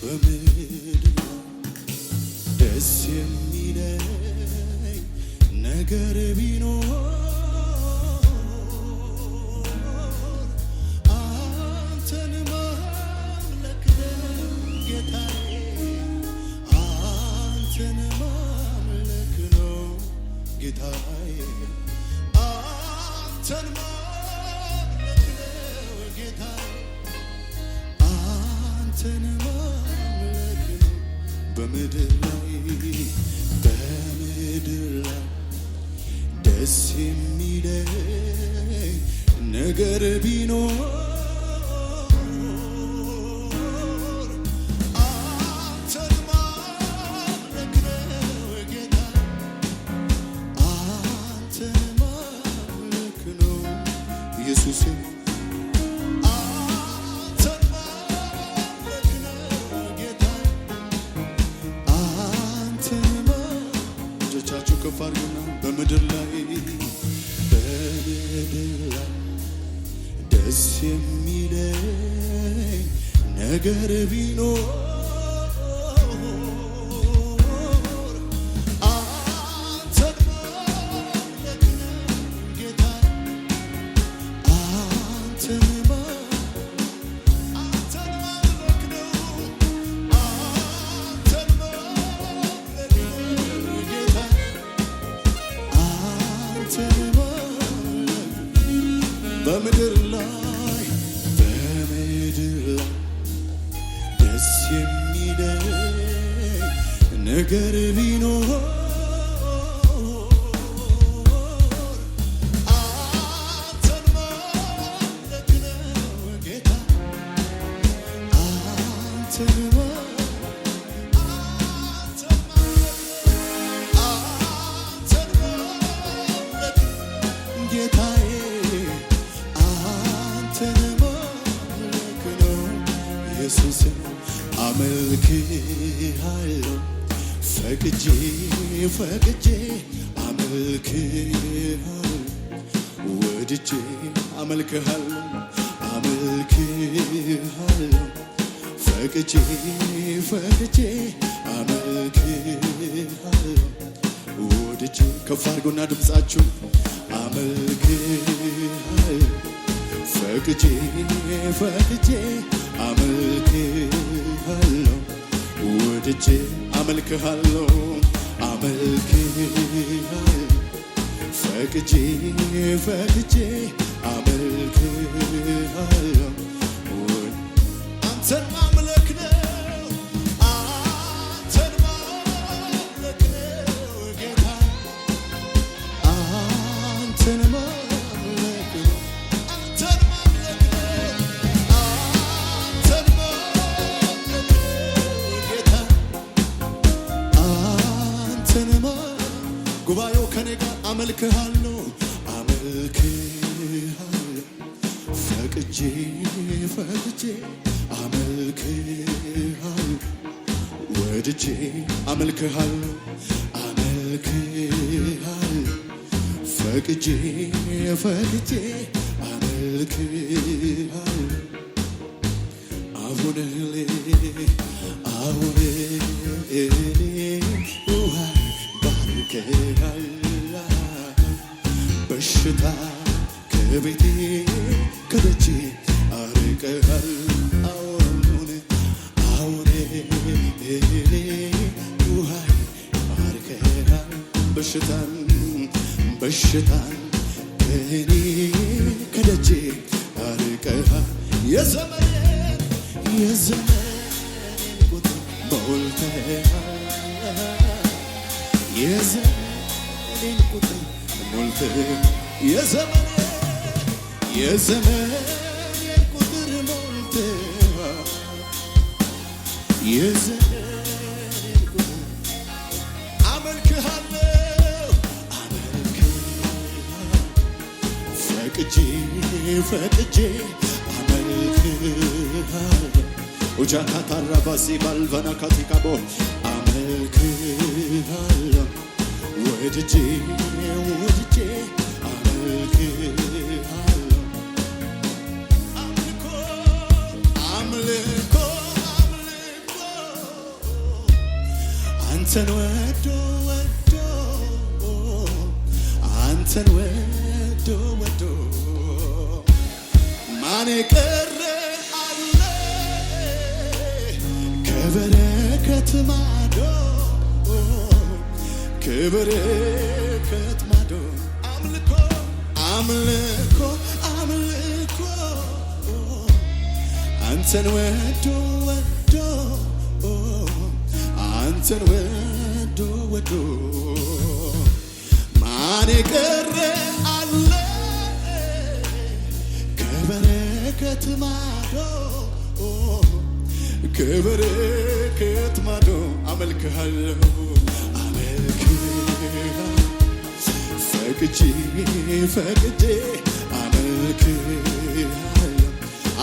በምድር ደስ የሚለኝ ነገር ቢኖር አንተን ማምለክ ጌታዬ፣ አንተን ማምለክ ነው ጌታዬ፣ አንተን ማምለክ ነው ጌታዬ አንተን በምድር ላይ በምድር ላይ ደስ የሚለኝ ነገር ቢኖር አንተን ማድረግ ኢየሱስ cherubino. ነገር ቢኖር አንተን አመልክሃለሁ ፈቅጄ ፈቅጄ አመልክሃለሁ ወድጄ አመልክሃለሁ አመልክሃለሁ ፈቅጄ ፈቅጄ አመልክሃለሁ ወድጄ ከፍ አድርጎና ድምፃችሁ አመልክሃለሁ ፈቅጄ ፈቅጄ አመልክሃለሁ ወድጄ አመልክሃለሁ አመልክሃል ፈቅጄ ፈቅጄ አመልክሃል አመልክሃል አመልክሃል ፈቅጄ ፈቅጄ አመልክሃል አሁን አሁን ባርከሃል በሽታ ከቤቴ በሽታን በሽታን ከኔ ከደጄ አርቀሃ የዘመን የዘመን ቁጥር ሞልተሃል የዘመን ቁጥር ሞልተሃል የዘመን የዘመን ቁጥር ሞልተሃል የዘመን ቁጥር አመልክሃል ፈቅጄ ፈቅጄ አመልክሃለሁ ኡጃታ ታራባሲ ባልቨና ካቲካቦ አመልክሃለሁ ወድጄ ወድጄ ከበረከት ማዶ አምልኮ አምልኮ አምልኮ አንተን ወዶ ወዶ አንተን ወዶ ወዶ ማን የቀረ አለ ከበረከት ማዶ ከበረከት ማዶ አመልክሃለሁ ፈቅጄ ፈቅጄ አመልክሃለሁ።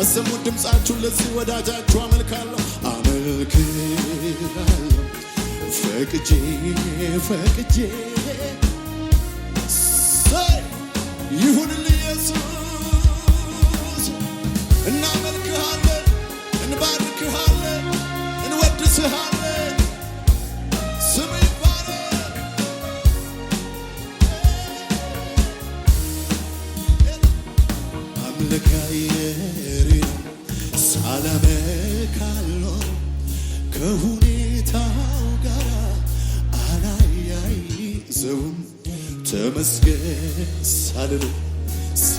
አሰሙት ድምፃችሁን ለዚህ ወዳጃችሁ አመልካለሁ አመልክሃለሁ ፈቅጄ ፈቅጄ ይሁንልኝ ኢየሱስ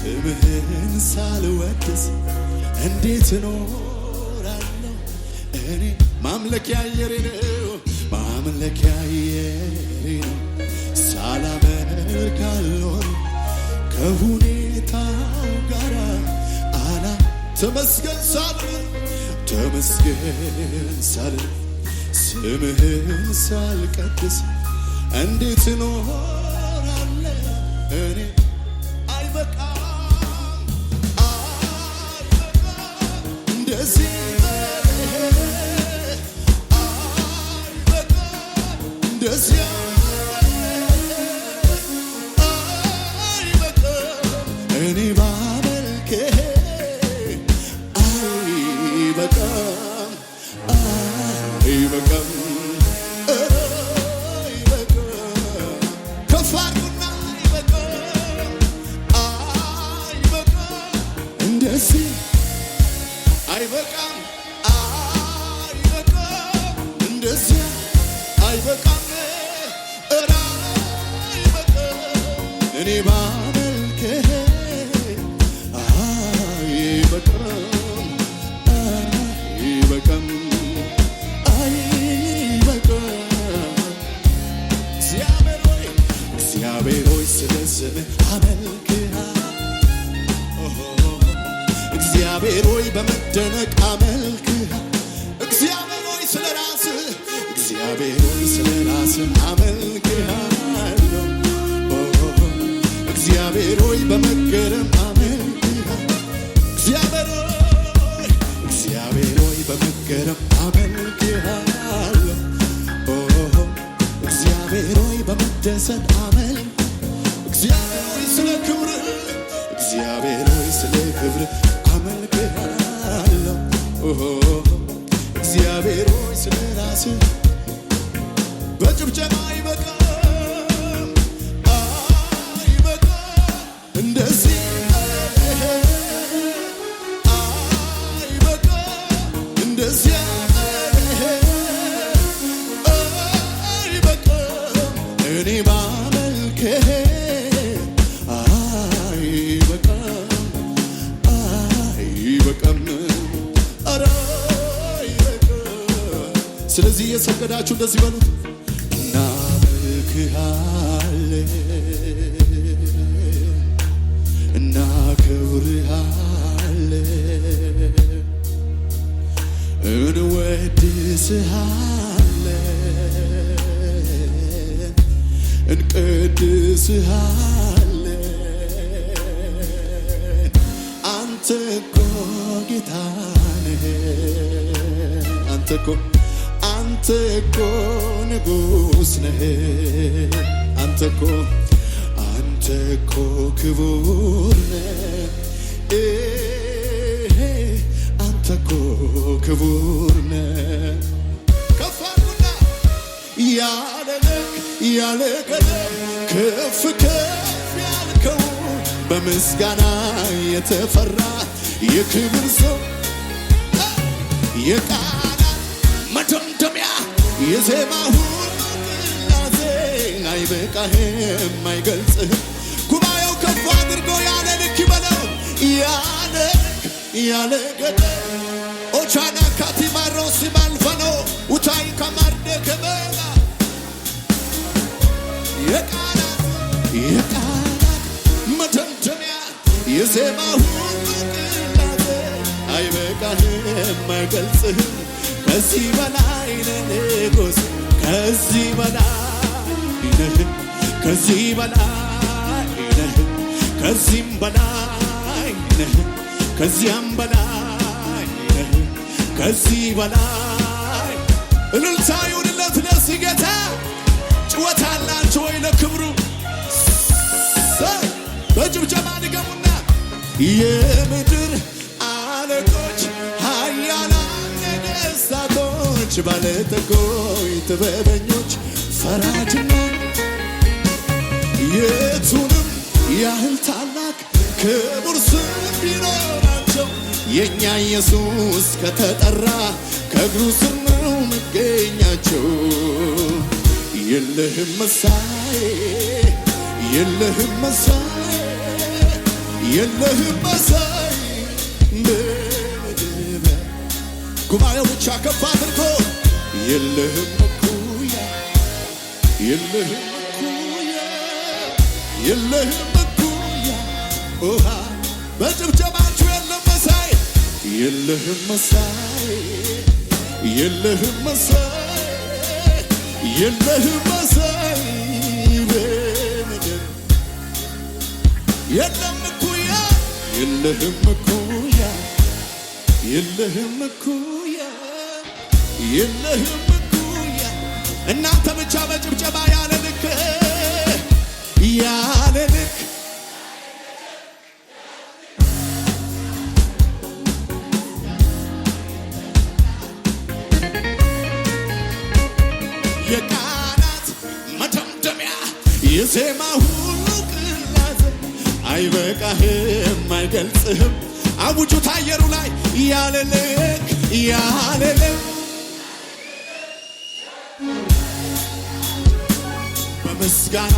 ስምህን ሳልወድስ እንዴት እኖራለሁ? እኔ ማምለኪያ አየሬ ነው፣ ማምለኪያ አየሬ ነው። ሳላመልክ አልኖርም ከሁኔታው ጋር አላ ተመስገን ሳልል ተመስገን ሳልል ስምህን ሳልቀድስ እንዴት እኖር አልተረፈም አይበቃ እግዚአብሔር ሆይ እግዚአብሔር ሆይ በመደነቅ አመል a moment. እናመልክሃለን፣ እናከብርሃለን፣ እንወድስሃለን፣ እንቅድስሃለን አንተ እኮ ጌታ ነህ አንተ እኮ አንተ እኮ ንጉሥ ነህ አንተ እኮ አንተ እኮ ክቡር ነህ አንተ እኮ ክቡር ነህ ከፋና ያለ ልክ ከፍ ከፍ ያልከው በምስጋና የተፈራ የክብር ሰው የዜማ ሁሉ ቅላሴ አይበቃህም አይገልጽህም። ጉባኤው ከፍ አድርጎ ያለ ልክ ይበለው ያለ ያለ ገደብ ኦቻና ካቲማሮ ሲማልፈኖ ውታይ ከማርደ ከበላ የቃላት የቃላት መተንተሚያ የዜማ ሁሉ ቅላሴ አይበቃህም አይገልጽህም ከዚህ በላይ ንጉስ ከዚህ በላይ ነህ ከዚህ በላይ ነህ ከዚህም በላይ ነህ ከዚያም በላይ ነህ ከዚህ በላይ እልልታ ይሁንለት ለዚህ ጌታ ወይ ለክብሩ በጭብጨባ ንገሙና የምድር አንቺ ባለጠጎች ጥበበኞች ፈራጅና የቱንም ያህል ታላቅ ክቡር ስም ቢኖራቸው የእኛ ኢየሱስ ከተጠራ ከእግሩ ስር ነው መገኛቸው። የለህም መሳይ የለህም መሳይ የለህም መሳይ ጉባኤው ብቻ ከፍ አድርጎ የለህም እኩያ የለህም እኩያ የለህም እኩያ ውሃ በጭብጨባችሁ የለም መሳይ የለህም መሳይ የለህም መሳይ የለህም መሳይ የለም እኩያ የለህም እኩያ የለህም እኩያ የለህም እኩያ እናንተ ብቻ በጭብጨባ ያለ ልክ ያለ ልክ የቃላት መደምደሚያ የዜማ ሁሉ ቅላት አይበቃህም አይገልጽህም አውጁት አየሩ ላይ ያለ ልክ ያለ ልክ ምስጋና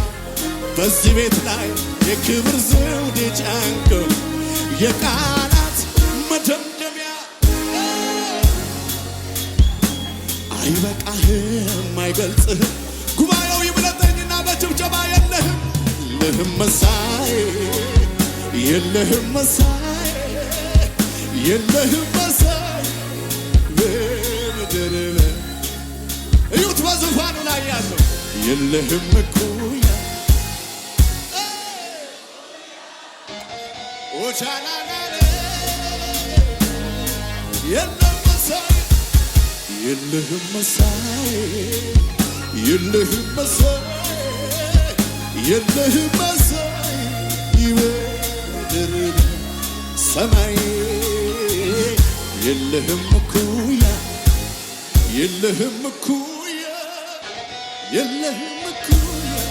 በዚህ ቤት ላይ የክብር ዘውድ ጫንቅ የቃላት መደምደሚያ አይበቃህም፣ አይገልጽህም። ጉባኤው ይብለጠኝና በጭብጨባ የለህም ልህም መሳይ የለህም መሳይ የለህም መሳይ በምድር እዩት በዙፋኑ ላይ ያለው የለህም እኩያ የለህም መሳይ የለህም መሳይ የለህም መሳይ ይወድር ሰማይ የለህም እኩያ የለህም እኩያ የለህም እኩል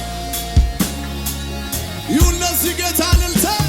ይሁን ለዚህ ጌታ እልልታ